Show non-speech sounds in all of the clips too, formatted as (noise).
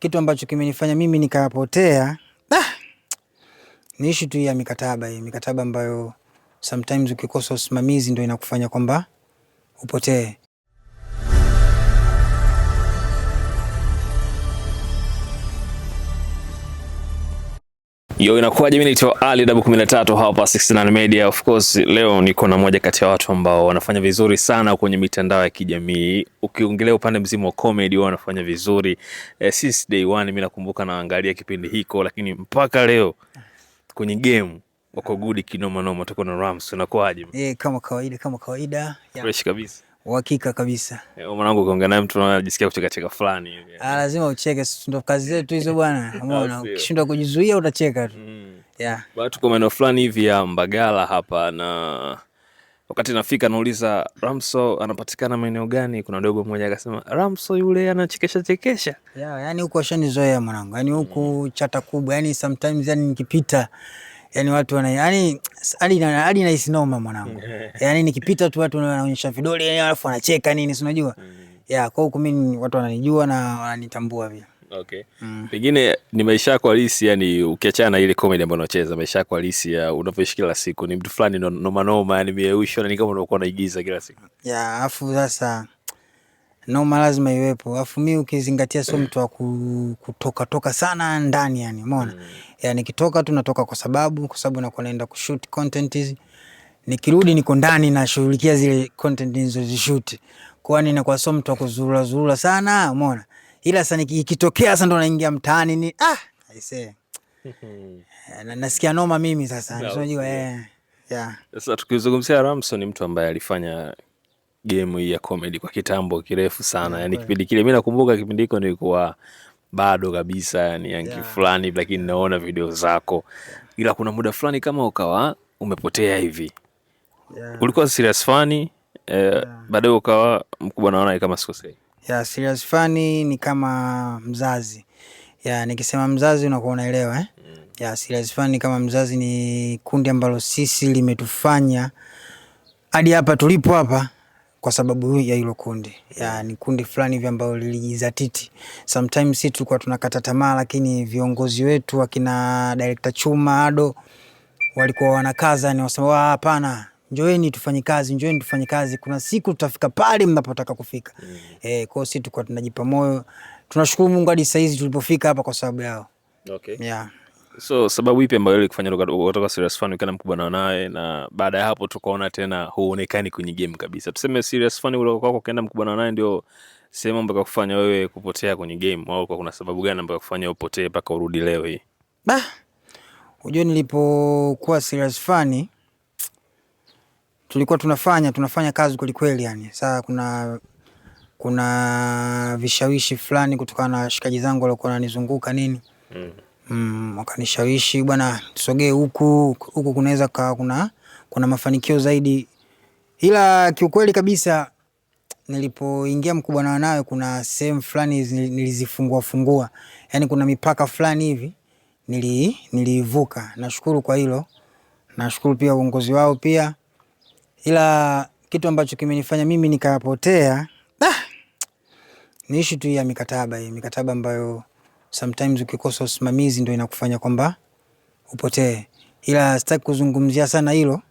kitu ambacho kimenifanya mimi nikapotea ah, ni ishu tu ya mikataba hii, mikataba ambayo sometimes ukikosa usimamizi ndo inakufanya kwamba upotee. Yo, inakuwaje? Mimi naitwa Ali Dabu 13 hapa 69 Media. Of course leo niko na moja kati ya watu ambao wanafanya vizuri sana kwenye mitandao ya kijamii. Ukiongelea upande mzima wa comedy, wao wanafanya vizuri eh, since day one. Mimi nakumbuka naangalia kipindi hiko, lakini mpaka leo kwenye game wako good kinoma noma. Tuko na Rams, unakuwaje? Eh, kama kawaida, kama kawaida, Yeah. fresh kabisa Uhakika kabisa. Eh, mwanangu ukiongea naye mtu anajisikia kucheka cheka fulani hivi. Ah, lazima ucheke, ndo kazi zetu hizo bwana. (laughs) Umeona, ukishindwa kujizuia utacheka tu. Mm. Yeah. Bado tuko maeneo fulani hivi ya Mbagala hapa na wakati nafika nauliza Ramso anapatikana maeneo gani? Kuna dogo mmoja akasema Ramso yule anachekesha chekesha. Yeah, yani huko ashanizoea mwanangu. Yani huko mm. chata kubwa. Yani sometimes yani nikipita yani watu wana yani hadi nahisi noma mwanangu. (laughs) Yani nikipita tu watu wanaonyesha vidole, yaani alafu wanacheka nini, si unajua mm. ya kwa huku mimi watu wananijua na wananitambua vile. Okay. Mm. Pengine ni maisha yako halisi, yani ukiachana na ile comedy ambayo unacheza, maisha yako halisi ya unavyoishi kila siku, ni mtu fulani noma noma, yani mieusho, ni kama unakuwa unaigiza kila siku. Ya, afu sasa noma lazima iwepo. Alafu mi ukizingatia, sio mtu wa kutoka toka sana ndani, yani umeona mm. Yani nikitoka tu natoka kwa sababu kwa sababu nakuwa naenda kushoot content hizi, nikirudi niko ndani nashughulikia zile content nilizozishoot, kwani nakuwa sio mtu wa kuzurura zurura sana, umeona. Ila sasa ikitokea sasa ndo naingia mtaani ni ah, aisee (laughs) eh, na, nasikia noma mimi sasa, unajua eh, yeah. Sasa tukizungumzia Ramson, mtu ambaye alifanya game hii ya comedy kwa kitambo kirefu sana yeah, yani yeah. Kipindi kile mi nakumbuka kipindi hiko nilikuwa bado kabisa yani yanki yeah. fulani lakini naona video zako yeah. Ila kuna muda fulani kama ukawa umepotea hivi yeah. Ulikuwa serious fani eh, yeah. Baadaye ukawa mkubwa naona kama sikosei yeah, serious fani ni kama mzazi yeah, nikisema mzazi unakuwa unaelewa eh? Mm. yeah, serious fani kama mzazi ni kundi ambalo sisi limetufanya hadi hapa tulipo hapa kwa sababu ya hilo kundi ya, ni kundi fulani hivi ambalo lilijizatiti. Sometimes sisi tulikuwa tunakata tamaa, lakini viongozi wetu wakina director Chuma Ado walikuwa wanakaza, ni wasema hapana, njoeni tufanye kazi, njoeni tufanye kazi, kuna siku tutafika pale mnapotaka kufika. mm. Eh, kwa sisi tulikuwa tunajipa moyo. Tunashukuru Mungu hadi saizi tulipofika hapa kwa sababu yao. okay. yeah. So sababu ipi ambayo ilikufanya kutoka serious fan ukaenda mkubana naye, na baada ya hapo tukaona tena huonekani kwenye game kabisa? Tuseme serious fan ule kwako ukaenda mkubana naye ndio sehemu mpaka kufanya wewe kupotea kwenye game, au kwa kuna sababu gani ambayo kufanya upotee mpaka urudi leo hii? Bah, hujua nilipokuwa serious fan tulikuwa tunafanya tunafanya kazi kweli kweli, yani saa kuna kuna vishawishi fulani kutokana na shikaji zangu walikuwa wananizunguka nini mm mm, wakanishawishi bwana, tusogee huku huku, kunaweza kaa kuna, kuna mafanikio zaidi, ila kiukweli kabisa nilipoingia na wanawe, kuna sehemu fulani nilizifungua fungua, yani kuna mipaka fulani hivi nili niliivuka. Nashukuru kwa hilo, nashukuru pia uongozi wao pia, ila kitu ambacho kimenifanya mimi nikapotea ah, niishi tu ya mikataba hii, mikataba ambayo sometimes ukikosa usimamizi ndio inakufanya kwamba upotee, ila sitaki kuzungumzia sana hilo.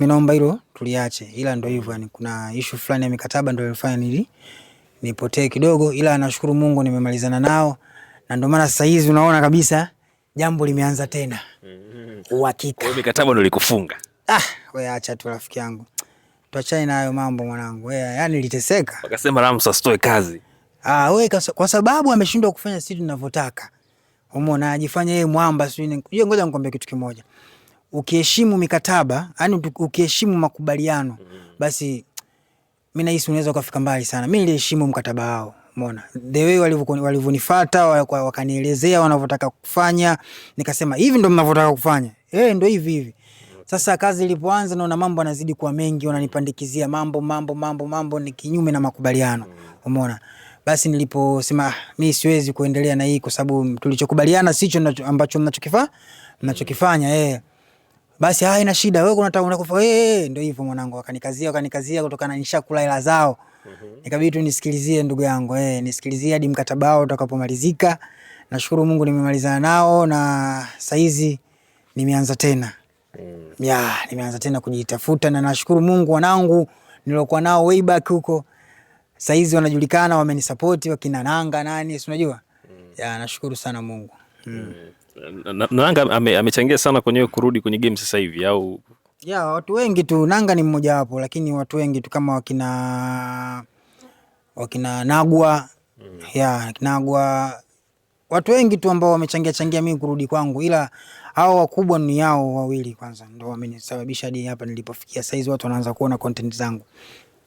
Mi naomba hilo tuliache, ila ndo hivyo yani, kuna ishu fulani ya mikataba ndo ilifanya nili nipotee kidogo, ila nashukuru Mungu nimemalizana nao, na ndo maana sasa hizi unaona kabisa jambo limeanza tena. Mm-hmm. Uhakika hiyo mikataba ndo likufunga? Ah, we acha tu rafiki yangu, tuachane na hayo mambo mwanangu. Wewe yani niliteseka wakasema Ramsa asitoe kazi Ah, wewe kwa sababu ameshindwa kufanya sisi tunavyotaka. Umeona, ajifanya yeye mwamba sio. Ngoja nikwambie kitu kimoja. Ukiheshimu mikataba, yani ukiheshimu makubaliano, mm-hmm. basi mimi nahisi unaweza kufika mbali sana. Mimi niliheshimu mkataba wao. Umeona? The way walivyonifuata, wakanielezea wanavyotaka kufanya, nikasema hivi ndio mnavyotaka kufanya. Eh, ndio hivi hivi. Sasa kazi ilipoanza, naona mambo yanazidi kuwa mengi, wananipandikizia mambo mambo mambo mambo, ni kinyume na makubaliano. Mm. Umeona? Mm. Basi niliposema mi siwezi kuendelea na hii kwa sababu tulichokubaliana sicho ambacho mnachokifanya mnachokifanya eh. Basi ah, haya, ina shida wewe, unataka unakufa eh. eh, eh. Ndio hivyo mwanangu, akanikazia akanikazia, kutokana nishakula hela zao nikabidi mhm. tu nisikilizie ndugu yangu eh, nisikilizie hadi mkataba wao utakapomalizika. Nashukuru Mungu nimemalizana nao na saizi nimeanza tena mm. ya nimeanza tena kujitafuta, na nashukuru Mungu wanangu niliokuwa nao way back huko saizi wanajulikana, wamenisapoti wakina Nanga nani, si unajua mm. ya, nashukuru sana Mungu mm. mm. Nanga amechangia ame sana kwenye kurudi kwenye game sasa hivi au ya watu wengi tu. Nanga ni mmoja wapo, lakini watu wengi tu kama wakina wakina Nagwa mm. ya Nagwa, watu wengi tu ambao wamechangia changia mimi kurudi kwangu, ila hao wakubwa ni yao wawili kwanza, ndo wamenisababisha hadi hapa nilipofikia. Saizi watu wanaanza kuona content zangu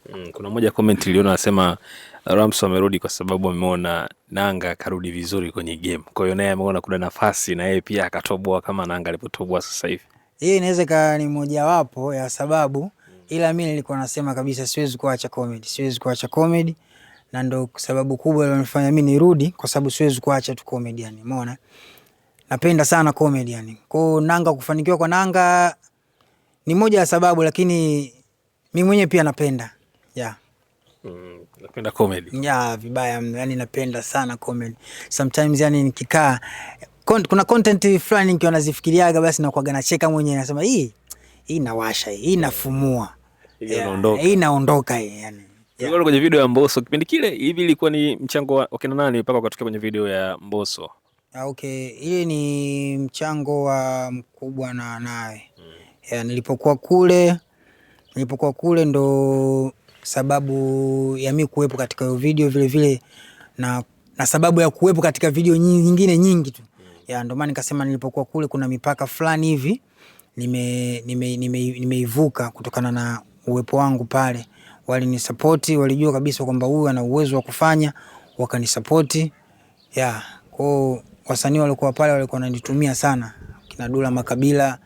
Mm, kuna moja comment iliona anasema Rams amerudi kwa sababu ameona Nanga akarudi vizuri kwenye game. Kwa hiyo naye ameona kuna nafasi na yeye pia akatoboa kama Nanga alipotoboa sasa hivi. Hii inaweza ikawa ni mojawapo ya sababu, ila mimi nilikuwa nasema kabisa siwezi kuacha comedy, siwezi kuacha comedy na ndo sababu kubwa iliyonifanya mimi nirudi kwa sababu siwezi kuacha tu comedy yani. Umeona? Napenda sana comedy yani. Kwa Nanga kufanikiwa kwa Nanga ni moja ya sababu, lakini mimi mwenyewe pia napenda yeah. Mm, napenda comedy. Yeah, vibaya yani napenda sana comedy. Sometimes yani nikikaa Kon, kuna content fulani nikiwa nazifikiriaga basi nakuaga nacheka mwenyewe nasema hii hii nawasha hii nafumua hii yeah, hii yani. Yeah. Kwenye video ya Mbosso kipindi kile hivi ilikuwa ni mchango wa okay, nani mpaka ukatokea kwenye video ya Mbosso? Okay, hii ni mchango wa mkubwa na naye. Mm. Yeah, nilipokuwa kule nilipokuwa kule ndo sababu ya mi kuwepo katika hiyo video vile vile na, na sababu ya kuwepo katika video nyingine nyingi tu ya ndio maana nikasema nilipokuwa kule kuna mipaka fulani hivi nimeivuka nime, nime, nime kutokana na uwepo wangu pale. Walinisapoti, walijua kabisa kwamba huyu ana uwezo wa kufanya, wakanisapoti ya kwao. Wasanii walikuwa pale walikuwa wananitumia sana, kina Dula Makabila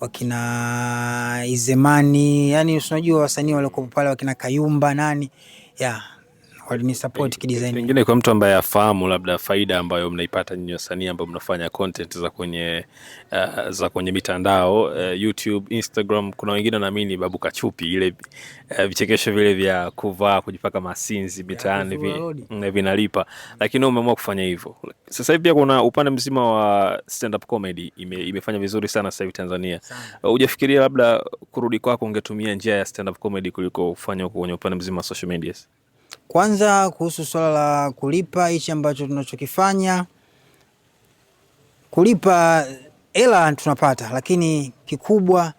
wakina Izemani, yani unajua wasanii waliokuwa pale wakina Kayumba nani ya walinisupport kidesign. Pengine kwa mtu ambaye afahamu labda faida ambayo mnaipata nyinyi wasanii ambao mnafanya content za kwenye uh, za kwenye mitandao uh, YouTube, Instagram. Kuna wengine naamini Babu Kachupi ile uh, vichekesho vile vya kuvaa kujipaka masinzi mitaani mm, vinalipa, lakini umeamua kufanya hivyo sasa hivi pia kuna upande mzima wa stand up comedy ime, imefanya vizuri sana sasa hivi Tanzania. Uh, hujafikiria labda kurudi kwako ungetumia njia ya stand up comedy kuliko ufanya huko kwenye upande mzima wa social Kwanza kuhusu swala la kulipa, hichi ambacho tunachokifanya kulipa hela tunapata, lakini kikubwa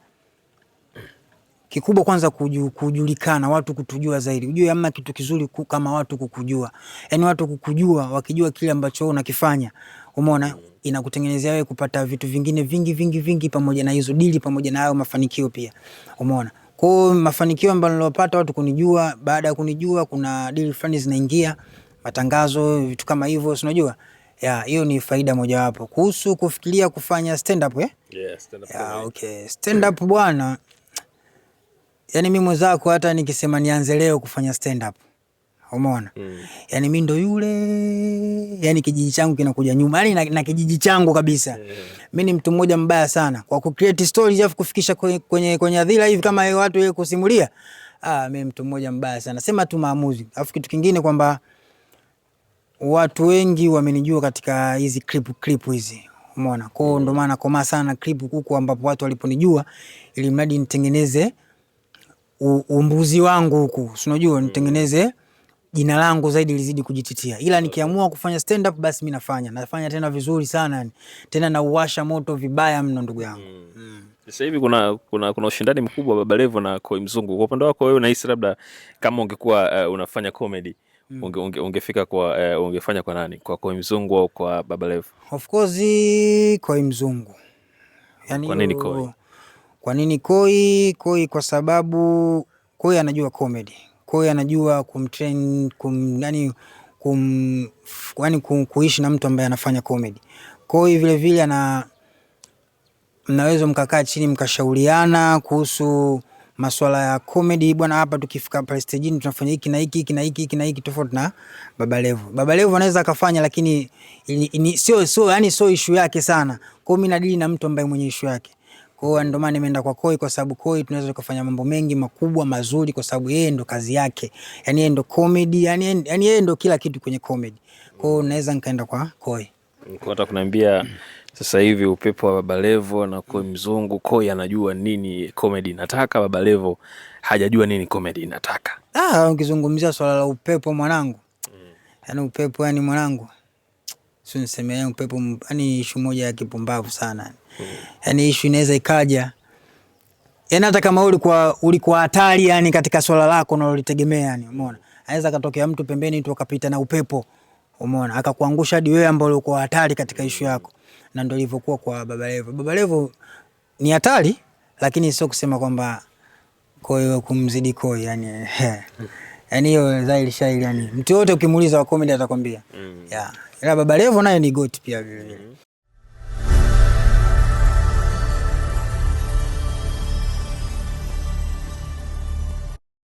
Kikubwa kwanza kuju, kujulikana, watu kutujua zaidi. Ujue amna kitu kizuri kama watu kukujua, yani watu kukujua, wakijua kile ambacho unakifanya, umeona inakutengenezea wewe kupata vitu vingine vingi vingi vingi, pamoja na hizo dili, pamoja na hayo mafanikio pia, umeona. Kwa mafanikio ambayo nilopata watu kunijua, baada ya kunijua kuna dili fulani zinaingia, matangazo, vitu kama hivyo, si unajua ya hiyo ni faida mojawapo. Kuhusu kufikiria kufanya stand up eh? Yeah, stand up, yeah, okay. Stand up bwana yani mi mwenzako hata nikisema nianze leo kufanya stand up umeona mm. Yani mi ndo yule, yani kijiji changu kinakuja nyuma, yani na, na kijiji changu kabisa yeah. Mi ni mtu mmoja mbaya sana kwa ku create stories afu kufikisha kwenye kwenye hadhira hivi kama watu yeye kusimulia. Ah, mi mtu mmoja mbaya sana, sema tu maamuzi. Afu kitu kingine kwamba watu wengi wamenijua katika hizi clip clip hizi umeona kwao, ndo maana mm. komaa sana clip huku, ambapo watu waliponijua ili mradi nitengeneze umbuzi wangu huku, unajua nitengeneze jina langu zaidi lizidi kujititia ila nikiamua kufanya stand up basi mimi nafanya nafanya tena vizuri sana yani, tena nauwasha moto vibaya mno ndugu yangu mm. Sasa hivi kuna, kuna, kuna ushindani mkubwa Baba Levo na Koi Mzungu. Kwa upande wako wewe, unahisi labda kama ungekuwa uh, unafanya comedy mm. unge, unge, ungefika kwa uh, ungefanya kwa nani, kwa Koi Mzungu au kwa Baba Levo? Of course Koi Mzungu yani, kwa nini Koi? Kwa nini Koi? Koi kwa sababu Koi anajua comedy. Koi anajua kumtrain kum, yani kum, yani kum, kuishi na mtu ambaye anafanya comedy. Koi vile vile ana mnaweza mkakaa chini mkashauriana kuhusu masuala ya comedy, bwana, hapa tukifika pale stage tunafanya hiki na hiki hiki na hiki hiki na hiki, tofauti na Baba Levo. Baba Levo anaweza akafanya, lakini sio sio, yani sio issue yake sana. Kwa hiyo mimi nadili na mtu ambaye mwenye issue yake. Kwa hiyo ndio maana nimeenda kwa Koi kwa sababu Koi tunaweza tukafanya mambo mengi makubwa mazuri kwa sababu yeye ndo kazi yake. yani yeye ndo comedy, yani yani yeye ndo kila kitu kwenye comedy. Kwa hiyo naweza nikaenda kwa Koi. Hata kuniambia sasa hivi upepo wa Baba Levo na Koi Mzungu, Koi anajua nini comedy inataka, Baba Levo hajajua nini comedy inataka. Ah, ukizungumzia swala la upepo mwanangu. Mm. yani upepo yani mwanangu sio niseme upepo, yani ishu moja ya kipumbavu sana mm. Yani ishu inaweza ikaja, yani hata kama ulikuwa ulikuwa hatari, yani katika swala lako unalolitegemea, yani umeona, anaweza katokea mtu pembeni tu akapita na upepo, umeona, akakuangusha hadi wewe ambao ulikuwa hatari katika ishu yako, na ndio ilivyokuwa kwa Baba Levo. Baba Levo ni hatari, lakini sio kusema kwamba koyo kumzidi koi yani (laughs) yani hiyo dhahiri shairi, yani mtu yote ukimuuliza wa comedy atakwambia mm. yeah Ila Baba Levo naye ni goti pia vile mhm. vile.